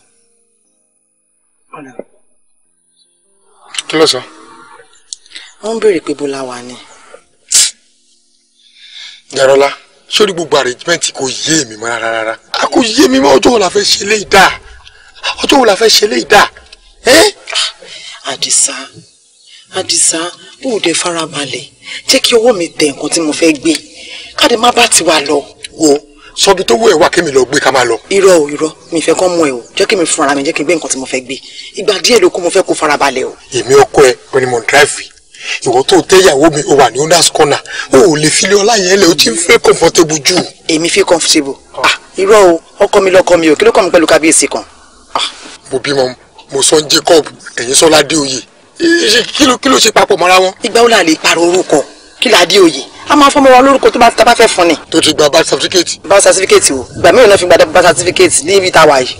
ọ̀nà. kí ló sọ. wọ́n ń béèrè pé bó la wà ni. yàrọ́lá sórí gbogbo arrangement kò yé mi mọ́ rárá rárá a kò yé mi mọ́ ọjọ́ wo la fẹ́ ṣe léyìí dáa ọjọ́ wo la fẹ́ ṣe léyìí dáa. àdìsá àdìsá ó ò dé farabalẹ̀ jẹ́ kí ọwọ́ mi tẹ nǹkan tí mo fẹ́ gbé káde má bá ti wà lọ. wo sọbi tó wọ ẹ wá lọ gbé ká máa lọ. irọ́ o irọ́ mi fẹ́ kọ́ mọ ẹ o jẹ́ kí mi fúnra mi jẹ́ kí n gbé nǹkan tí mo fẹ́ gbé ìgbà díẹ̀ ló kó mo fẹ́ kó farabalẹ̀ o. èmi ọkọ ẹ pẹ̀lú mo ń dráìfì ìwọ tó tẹ́yàwó mi o wà ní owners corner o ò lè filé ọlá yẹn lẹ o ti fẹ́ comfortable jù. èmi feel comfortable ah irọ́ o ọkọ mi lọkọ mi o kí ló kọ́ mi pẹ̀lú kábíyèsí kan. Ah. mo bímọ mo sọ jacob ẹ̀yin sọlá oyè kí ló ṣe papọ̀ mọ́ra wọn. ìgbà wo la lè pàrọ̀ orúkọ kí la dé òye a máa fọmọ wa lórúkọ tó bá tá a bá fẹ́ fún ni. tó ti gba birth certificate. birth certificate o ìgbà mìíràn náà fi gba birth certificate níbi tá a wà yìí.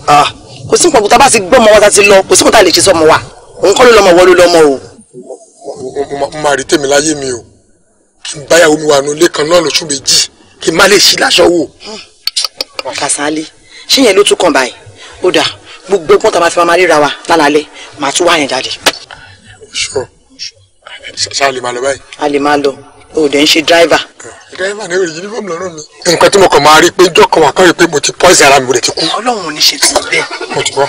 kò sí nǹkan tá a bá ti gbọ́ ọmọ wa tá a ti lọ kò sí nǹkan tá a lè ṣe sọmọ wa òun kọ́ ló lọ́mọ wọ́n ló lọ́mọ o. mo máa rí tèmi láyé mi o kí n báyàwó mi wà nù ilé kan náà lóṣù méjì kí n má lè ṣí láṣọ wò. Kasali ṣé yẹn ló tún kàn báyìí ó dà gbogbo ẹgbọ́n tá a bá fi máa ríra wa lálálẹ́ màá tún wá yẹn jáde. Sure. ṣáà lè máa lọ báyìí. a lè máa lọ o dẹ̀ ń ṣe dráìvà. dráìvà ní orí yunifọ́ọ̀mù lọ́rùn mi. nǹkan tí mo kàn máa rí pé jọ́kàn wà kán rí pé mo ti pọ́sì ara mi mo dẹ̀ ti kú. ọlọ́run ò ní ṣe tì bẹ́ẹ̀. mo ti bọ́.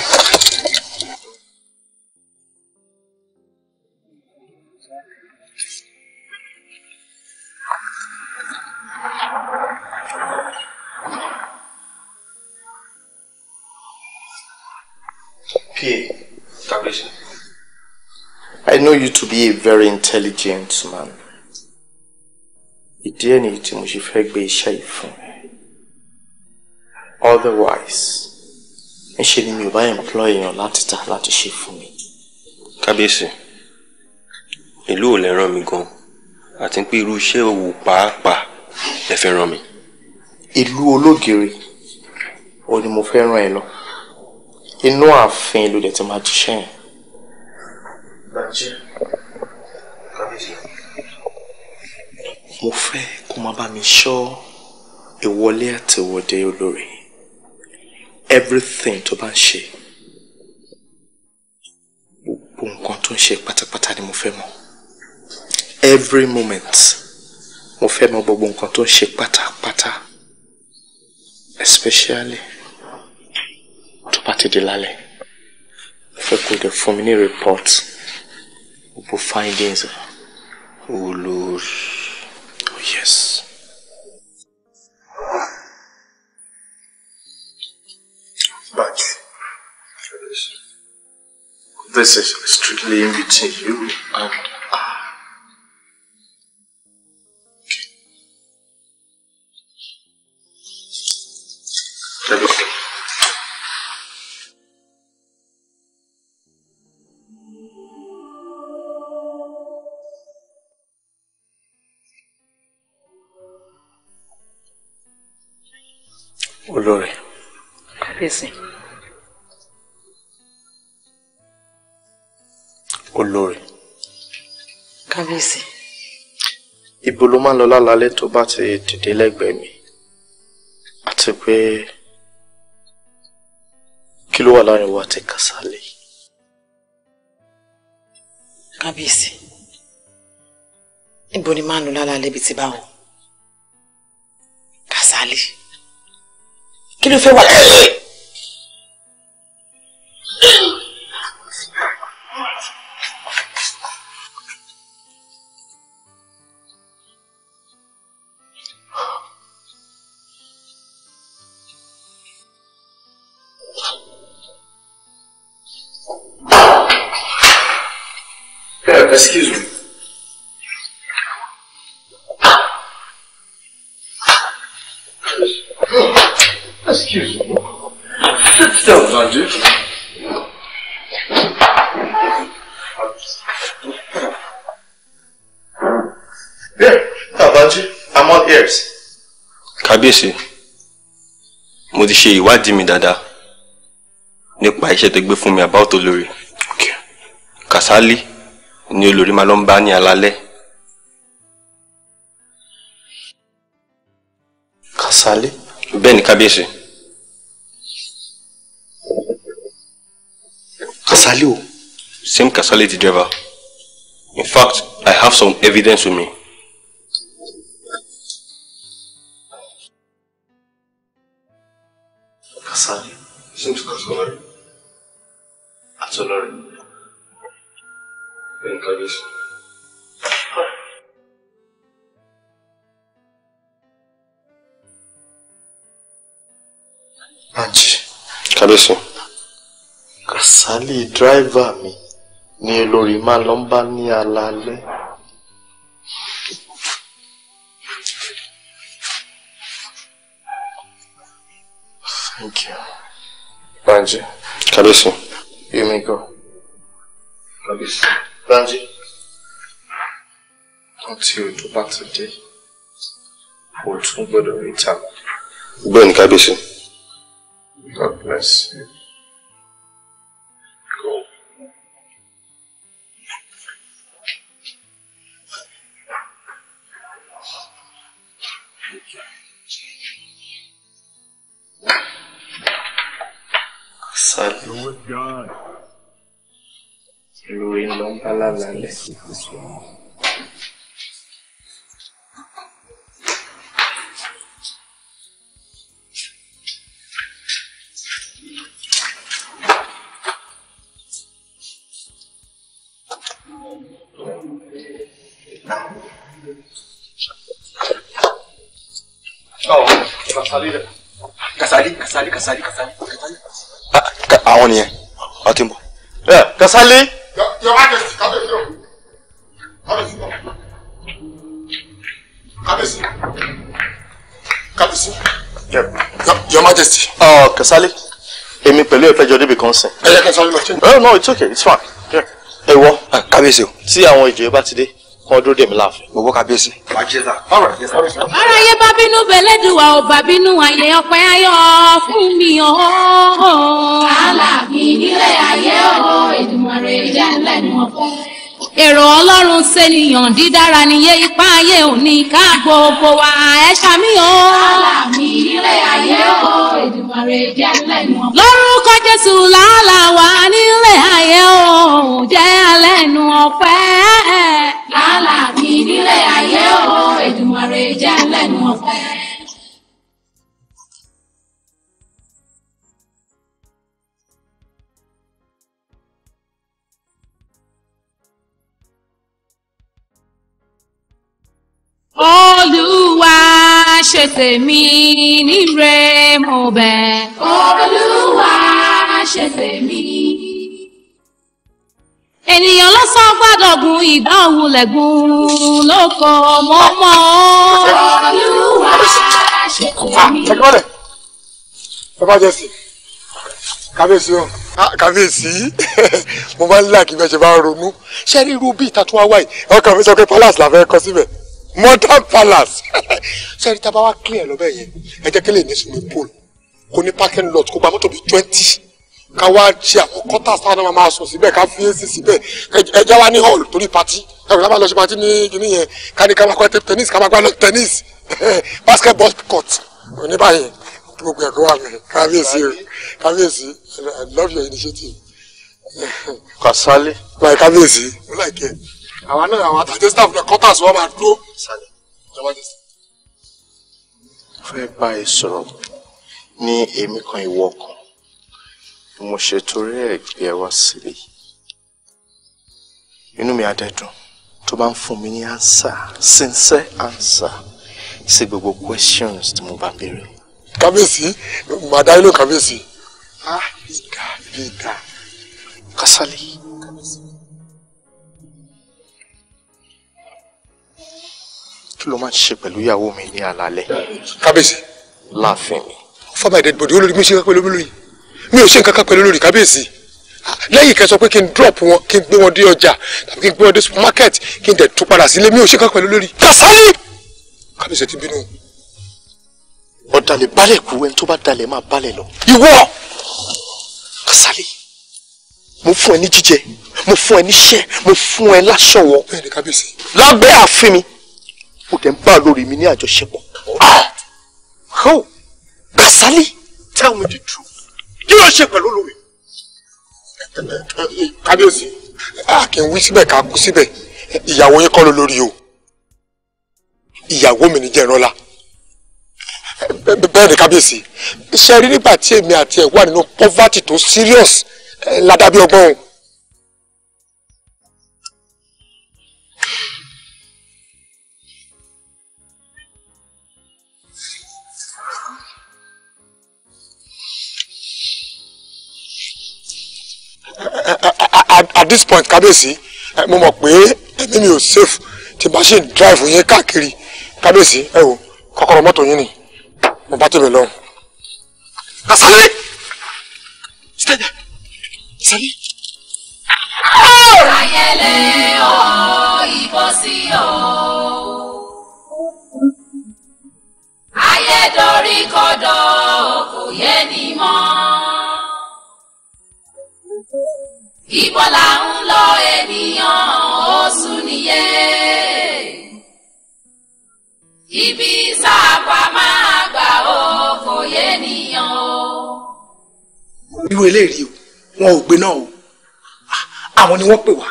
PA. God bless I know you to be a very intelligent man. Ìdí ẹ̀ nìyí tí mo ṣe Otherwise, ń ṣe ni mi ò bá employ èèyàn láti ta láti ṣe fún mi. Kábíyèsí, ìlú ò lè ràn mí pa an àti pé irú iṣẹ́ òwò pàápàá lè fẹ́ ràn mí. Ìlú ológere mo fẹ́ ràn ẹ lọ. Inú ààfin ló dẹ̀ ti máa ti ṣẹ́yìn. Bàjẹ́. Kábíyèsí. Mo fẹ́ kó máa bá mi ṣọ́ ìwọlé àtiwọ̀dé olórí. Everything tó bá ń ṣe. Gbogbo nǹkan tó ń ṣe pátápátá ni mo fẹ́ mọ̀. Every moment mo fẹ́ mọ̀ gbogbo nǹkan tó ń ṣe pátápátá. Especially tó bá ti di lálẹ́. Fẹ́ kó dẹ̀ fún mi ní report. O por findings. Oh Lord. Oh yes. But this is strictly in between you and I. olórí. kábíyèsí. olórí. kábíyèsí. ibo ló máa ń lọ lálálẹ́ tó bá ti dìde lẹ́gbẹ̀ẹ́ mi àti pé kí ló wà láàrin wa àti Kàsálí. kábíyèsí. ibo ni máa ń lọ lálálẹ́ bíi ti báwo. Que não foi uma. ti ṣe ìwádìí mi dáadáa nípa iṣẹ́ tó gbé fún mi about olórí Kàsálí ni olórí máa lọ ń bá ní alálẹ́. Kàsálí. bẹ́ẹ̀ ni kábíyèsí. Kàsálí o. same Kàsálí the driver in fact I have some evidence with me. dírìvà mi ni olórí máa lọ bá ní alaalẹ́. Thank you. Banji. Kabisi. Yemi may go. Kabisi. Banji. Until you go back today, o tún gbọ́dọ̀ rí ìta. Bẹ́ẹ̀ni Kabisi. God bless you. with God. Incluyendo un palabra de ejecución. Oh, Casali, Casali, Casali, Casali, Casali àwọn nìyẹn wọ́n ti ń bọ̀. ẹ Kasali. yọba jẹ sí kábíyèsí o kábíyèsí o kábíyèsí kábíyèsí. Your Majesty. ọ ah, Kasali èmi pẹ̀lú ìpẹ́jọ débi kan sìn. ẹ yẹ Kasali lọ sí. no no it's okay it's fine. ẹ wọ kábíyèsí o. tí àwọn ìjòyè bá ti dé kọ́ dúró dèmi láàfin. mo wọ kábíyèsí. ọ̀rọ̀ ayé bá bínú bẹ̀lẹ́dùwà ò bá bínú ayé ọpẹ́ ayọ̀ fún mi o. aláàbí nílé ayé o Èdùmàrè jẹ́ lẹ́nu ọ̀fẹ́. èrò ọlọ́run ṣènìyàn dídára níyé ipá ayé òní ká gbogbo wa ẹ ṣàmì o. aláàbí nílé ayé o Èdùmàrè jẹ́ lẹ́nu ọ̀fẹ́. lórúkọ Jésù làálàá wà nílé ayé o jẹ́ lẹ́nu ọ̀fẹ́ làálàá mi nílé ayé o Èdùmàrè jẹ́ lẹ́nu ọ̀fẹ́. olúwa ṣe tèmi níre mo bẹ̀. olúwa ṣe tèmi. ènìyàn ló lọ́gùn ìgbà òun lẹ́gùn ló kọ ọmọ ẹ bá jẹ sí kábíyèsí o kábíyèsí mo máa ń là kí bẹ́ẹ̀ ṣe bá ronú ṣé rí irú bíi ìtàtúwá wáyé ọkàn mi sọ pé palace la fẹ́ kọ́ síbẹ̀ modern palace ṣé rí tábà wá clear lọ́bẹ̀ yẹn ẹ jẹ́ kí lè ní swimming pool kò ní parking lot kó gba mọ́tò bíi twenty ká wá ṣe àkọ́kọ́ tà sáà náà máa sọ síbẹ̀ ká fi èsì síbẹ̀ ẹja wá ní hall torí pati ẹ̀rọ sábà lọ ṣe pati ní gíní yẹn ká ní ká máa kọ́ tennis ká máa gbá tennis basketball court òní báyìí gbogbo ẹ̀kọ́ wà mí kábíyèsí o kábíyèsí I love your initiative. Kasali. Láì kábíyèsí ó láì kẹ́ àwa náà àwọn àtàjẹ́ staff náà quarters wọn máa dúró. fẹ́ bá ẹ sọ̀rọ̀ ní èmi kan ìwọ kan mo ṣe torí ẹ̀ gbé ẹ wá síbí inú mi á dẹ́dùn tó bá ń fún mi ní ansa sincere ansa sí gbogbo questions tí mo bá béèrè. kábíyèsí màdá inú kábíyèsí. ìgà ìgà. Kásálí. kí ló máa ń ṣe pẹ̀lú ìyàwó mi ní alaalẹ́. kábíyèsí. láàfin mi. fọ́ọ̀mù ẹ̀dẹ̀gbọ̀dì olórí mi ṣe pẹ̀lú mi lóyún mi ò ṣe nǹkan kan pẹ̀lú olórí kábíyèsí lẹ́yìn kẹ́ sọ pé kí n drop wọn kí n gbé wọn dé ọjà tàbí kí n gbé wọn dé supermarket kí n dẹ̀ tún padà sílé mi ò ṣe nǹkan pẹ̀lú olórí. Kàsálí kábíyèsí ti bínú. ọ̀dàlẹ̀ balẹ̀ kú ẹni tó bá dalẹ̀ máa balẹ̀ lọ. ìwọ Kàsálí mo fún ẹ ní jíjẹ mo fún ẹ níṣẹ́ mo fún ẹ láṣọ lábẹ́ ààfin mi ó dẹ̀ ń bá olórí mi ní àjọṣepọ̀. Kàsálí ah! tell me the truth kí ló ṣe pẹ̀lú olórí. kábíyèsí a kì í wí síbẹ̀ ká kú síbẹ̀ ìyàwó yín kọ́ ló lórí o ìyàwó mi ní jẹ́rọ́lá bẹ́ẹ̀ ni kábíyèsí ṣe rí nígbà tí èmi àti ẹ̀ wà nínú poverty tó serious eh, ládàbí ọgbọ́n o. at this point kábíyèsí mo mọ̀ pé ẹ̀mí mi ò safe tí bá ṣe drive yẹn káàkiri kábíyèsí ẹ wò kọ́kọ́rọ́ mọ́tò yín ni mo bá tẹ̀lé lọ́hùn. Kasale! Stay there! Ayẹlẹ ọ̀ ìbọn sí ọ̀. Ayé dorí kò yé ni mọ́ ibo là ń lọ ènìyàn oṣù nìyẹn ibi sáàpà máa gbà ó kò yé nìyàn o. irú eléyìí wọn ò gbé náà o àwọn ni wọ́n pè wá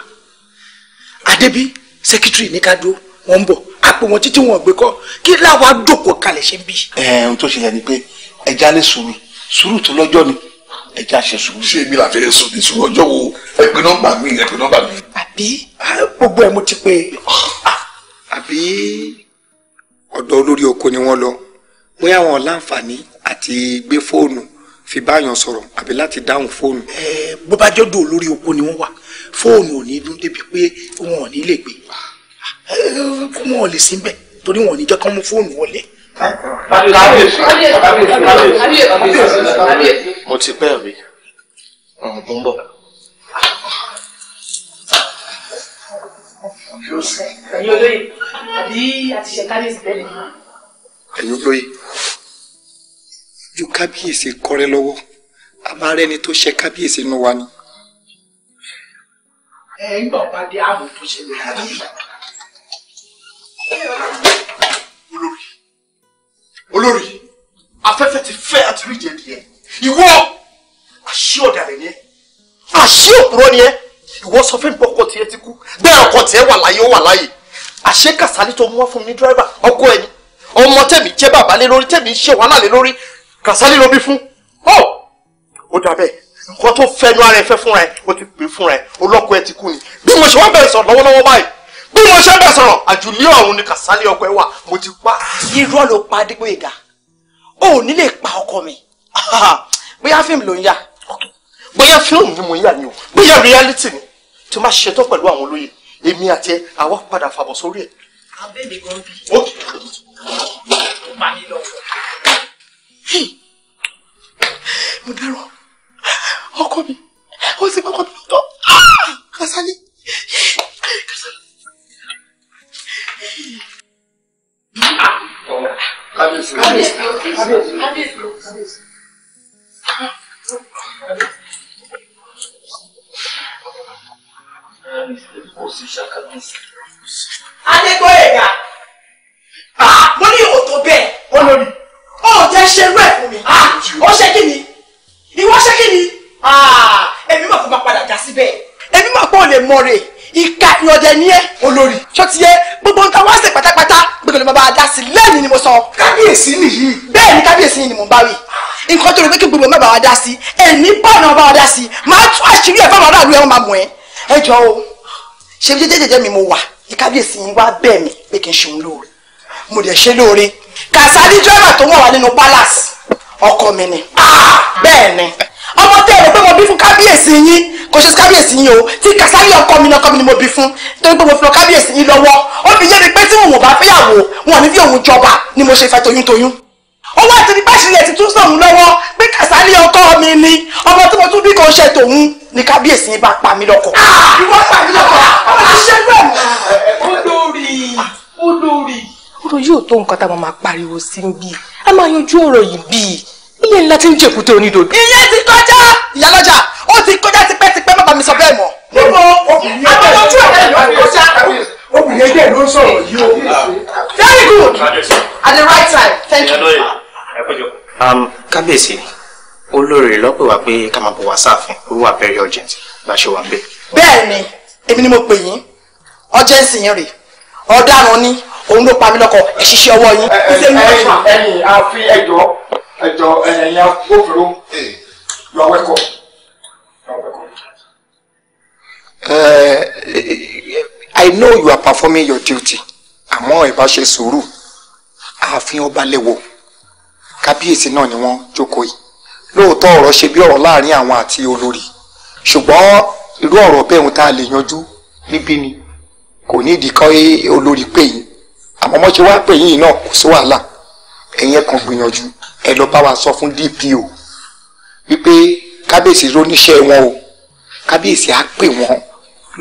adébí sẹkítírì ní ká dúró wọ́n ń bọ̀ àpò wọn títí wọn ò gbé kọ kí láwa dòkò kalẹ̀ ṣe ń bí. ẹ ohun tó ṣẹlẹ̀ ni pé ẹja ní sùúrù sùúrù tó lọ́jọ́ ni ẹ jẹ́ àṣẹ sùúrù ṣé èmi là fẹ́ sùn ní sùúrù ọjọ́ wo ẹ pè nọ́mbà mi ẹ pè nọ́mbà mi. àbí ah, gbogbo ẹ mo ti pè. Ah, àbí ọ̀dọ̀ olórí oko ni wọ́n lọ bóyá wọn láǹfààní àti gbé fóònù fi báyàn sọ̀rọ̀ àbí láti dáhùn fóònù. ẹ bó bá jọ́dọ̀ olórí oko ni wọ́n wà fóònù ò ní dún débi pé wọn ò ní lè gbé ah, wọn ò lè sí bẹ́ẹ̀ torí wọn ò ní jẹ́ kán mú fóònù wọlé mo ti pẹ́ rí mo ń bọ̀. ẹ̀yin olóyè àbí àti ṣe kábíyèsí tẹ́lẹ̀. ẹ̀yin olóyè ju kábíyèsí kọrẹ lọ́wọ́ a máa rẹ́ni tó ṣe kábíyèsí nù wa ni. ẹ ń bọ̀ pàdé ààbò tó ṣe lè kábíyèsí olórí afẹ́fẹ́ ti fẹ́ àti rí jẹ̀bi ẹ̀ ìwọ àṣì ọ̀dàlẹ̀ ni ẹ àṣì òpùrọ̀ ni ẹ ìwọ sọ fún mi pé ọkọ tiẹ ti kú bẹ́ẹ̀ ọkọ tiẹ wà láyé ó wà láyé àṣẹ kàsálí tó mú wá fún mi ní dírẹ́bà ọkọ ẹni ọmọ tẹ̀mí jẹ́ bàbá lé lórí tẹ̀mí ṣe wàhálà lé lórí kàsálí ló fún ọ ó dà bẹ́ẹ̀ nǹkan tó fẹnu ara ẹ fẹ́ fúnra ẹ ó ti pè fúnra ẹ olọ́kọ ẹ ti kú ni bí mo ṣe wá bẹ̀rẹ̀ sọ lọ́wọ́lọ́wọ́ báyìí bí mo ṣe bẹ̀ sọ̀rọ̀ àjùlé ọ̀run ni kàsálí ọkọ ẹ wà mo ti pa. irọ́ ló pa Adégbóyèga o ò ní lè pa ọkọ mi bóyá fíìmù ló ń yà. bóyá fíìmù ni mo ń yà ni o bóyá reality ni tí o máa ṣetán pẹ̀lú àwọn olóyè èmi àti ẹ àwa padà fàbọ̀ sórí ẹ̀. abẹ́mi gan bí. ó mà ní lọ. mo dárò ọkọ mi ó sì gbọ́kọ̀ mi lọ́tọ̀ ah! kásálí kásálí kábíyèsí kábíyèsí kábíyèsí. Adégbò ẹ̀dá. Mo ní ìhò tó bẹ́ẹ̀. Olórí. O ò jẹ́ ṣe irú ẹ̀ fún mi. Ó ah, ṣe kí ni? Ìwọ ṣe kí ni? Ah, èmi mọ̀ kó máa padà já síbẹ̀. Èmi mọ̀ kó o lè mọ̀ rè ìka ìyọ̀dẹ̀ ni ẹ́ olórí ṣọ́tí yẹ gbogbo nǹkan wá sí pátápátá gbogbo ìlú bàbá adásí lẹ́yìn ni mo sọ. kábíyèsí nìyí. bẹ́ẹ̀ ni kábíyèsí ni mò ń bá wí nǹkan tó rò pé kí gbogbo má bàa dá sí ẹ̀ní bọ́ọ̀nà bá wa dá sí máa tú àṣírí ẹ̀ fáwọn aráàlú ẹ̀wọ̀n máa mọ̀ ẹ́ ẹ jọ o ṣe bí jẹjẹjẹ mi mo wà ìkábíyèsí yín wá bẹ́ẹ̀ mi pé kí n ṣe òun lóore mo dẹ̀ ṣe lóore kàṣálí dírẹ́bà tó wọ̀ wá nínú palace ọkọ mi ni ah! bẹ́ẹ̀ ni ọmọ tẹ́ ẹ pé mo bí fún kábíyèsí yín kò ṣe kábíyèsí yín o tí kàsálí ọkọ mi lọkọ mi ni mo bí fún torí pé mo fi lọ kábíyèsí yín lọ́wọ́ ó fi yé mi pé tí wọn ò bá fẹ́yàwó wọn ní bí òun jọba ni mo ṣe fẹ́ toyúntoyún ó wá torí báṣìí rẹ̀ ti tún sọ̀hún lọ́wọ́ pé kàsálí ọkọ mi ni ọmọ tí mo tún bí kan ṣe tòun ni kábíyèsí yín bá pa mí lọ́kọ. ìwọ pa mí lọ́kọ ọmọ ti ṣe bẹ́ẹ̀. olórí olórí. ọ̀rọ̀ yóò tó nǹkan tá a máa pariwo sí ń bí a máa ilé ńlá tí ń jẹ èkúté onídòdó. ìyẹn ti kọjá ìyálọ́jà ó ti kọjá tipẹ́tipẹ́ má bà mí sọ bẹ́ẹ̀ mọ́. níbo àwọn ojú ẹ̀rẹ́ ló ń kọjá. obìnrin ẹgbẹ́ ló sọ̀rọ̀ yìí o. very good at the right time thank you. Um, kábíyèsí olórí ló pè wá pé ká máa bọ̀ wá sáàfin ó wà very urgent bá a ṣe wà ń bẹ̀. bẹ́ẹ̀ ni èmi ni mo pè yín urgency yín rèé ọ̀daràn ni òun ló pa mí lọ́kọ ẹ̀ ṣiṣẹ́ ọwọ́ yín. ẹ̀yin àfi ẹjọ́ ẹjọ ẹyìn agbófinró eh. lọ wẹkọ. Eh, I know you are performing your duty àmọ́ ẹ bá ṣe sùúrù ààfin ọba lẹ́wọ̀ kábíyèsí náà ni wọ́n jókòó yìí lóòótọ́ ọ̀rọ̀ ṣe bí ọ̀rọ̀ láàrin àwọn àti olórí ṣùgbọ́n irú ọ̀rọ̀ bẹ́ẹ̀ ń tá a lè yanjú níbí ni kò ní ìdí kan olórí pè yín àmọ́ mọ́ ṣe wá pè yín náà kò sí wàhálà ẹ̀yin ẹ̀ kan gbìyànjú ẹ lọ bá wa sọ fún DPO wípé kábíyèsí roníṣẹ́ wọn o kábíyèsí á pè wọ́n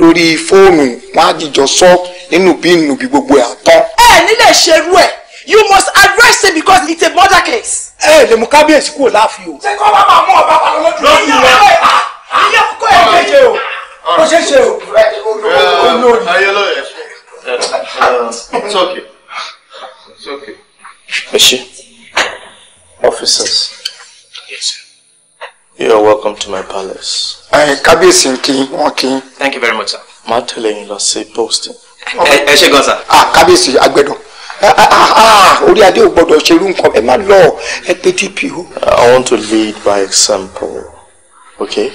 lórí fóònù wọn á jìjọ sọ nínú bí nínú bí gbogbo ẹ̀ àtọ́. ẹ nílẹ̀ ṣerú ẹ̀ you must address it because it's a murder case. ẹ lè mú kábíyèsí kúrò láàfin o. ṣé kọ́ bá máa mú ọba pàlọ́ lójú. lọ́sùn rẹ̀. welcome to my palace. ẹ kábíyèsí ń kín wọn kín. thank you very much sir. máa tẹ̀lé yín lọ sí post. ẹ ṣe gan sir. ah kábíyèsí agbẹ̀dùn ah, ah, ah, orí adé ò gbọdọ̀ ṣerú nǹkan ẹ má lọ ẹ pé dpo. i want to lead by example okay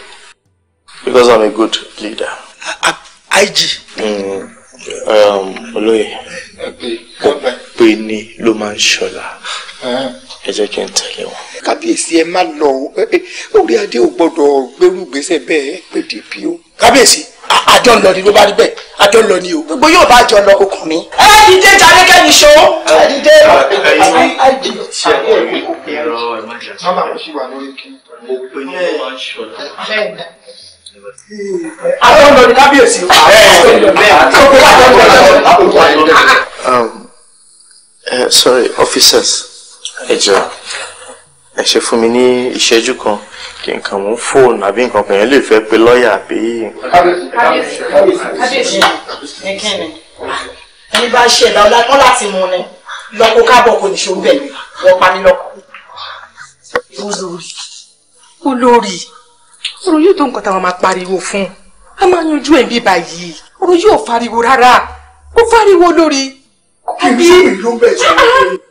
because i'm a good leader. ig. Mm, um, olóyè òpè ni ló máa ń ṣọlá ẹ jẹ́ kí n tẹ̀lé wọn. kábíyèsí ẹ má lọ orí adé ò gbọ́dọ̀ gbérú gbèsè bẹ́ẹ̀ pdp o. kábíyèsí àjọ lọ ni ló bá rí bẹ́ẹ̀ àjọ lọ ni o. gbogbo yóò bá àjọ lọ okùn mi. ẹ dìde jàre kẹ́ni ṣó. ẹ dìde ẹ dìde ṣe é mi kò pè é. mama mo ṣì wà lórí mo pè ní ọmọ ṣọlá àwọn ọmọdé kábíyèsí ọkọ wa jẹ ọmọdé. sorry officers ẹ jọ ẹ ṣe fún mi ní ìṣẹ́jú kan kí nǹkan mú fóònù àbí nǹkan kan yẹn lè fẹ́ pe lọ́ọ̀yà àbí. kábíyèsí kábíyèsí ní kíni ẹni bá ṣe ẹ̀dá ọlọ́kọ́ láti mú ni lọ́kọ́ káàbọ̀ kò ní ṣó bẹ́ẹ̀ wọ́n pa mí lọ́kọ́. olórí olórí ọ̀rọ̀ yóò tó nǹkan táwọn máa pariwo fún a máa yanjú ẹ̀ bí báyìí ọ̀rọ̀ yóò fariwo rárá ó fariwo lórí. kí ni sọ́kè ló ń bẹ̀ sọ́kè.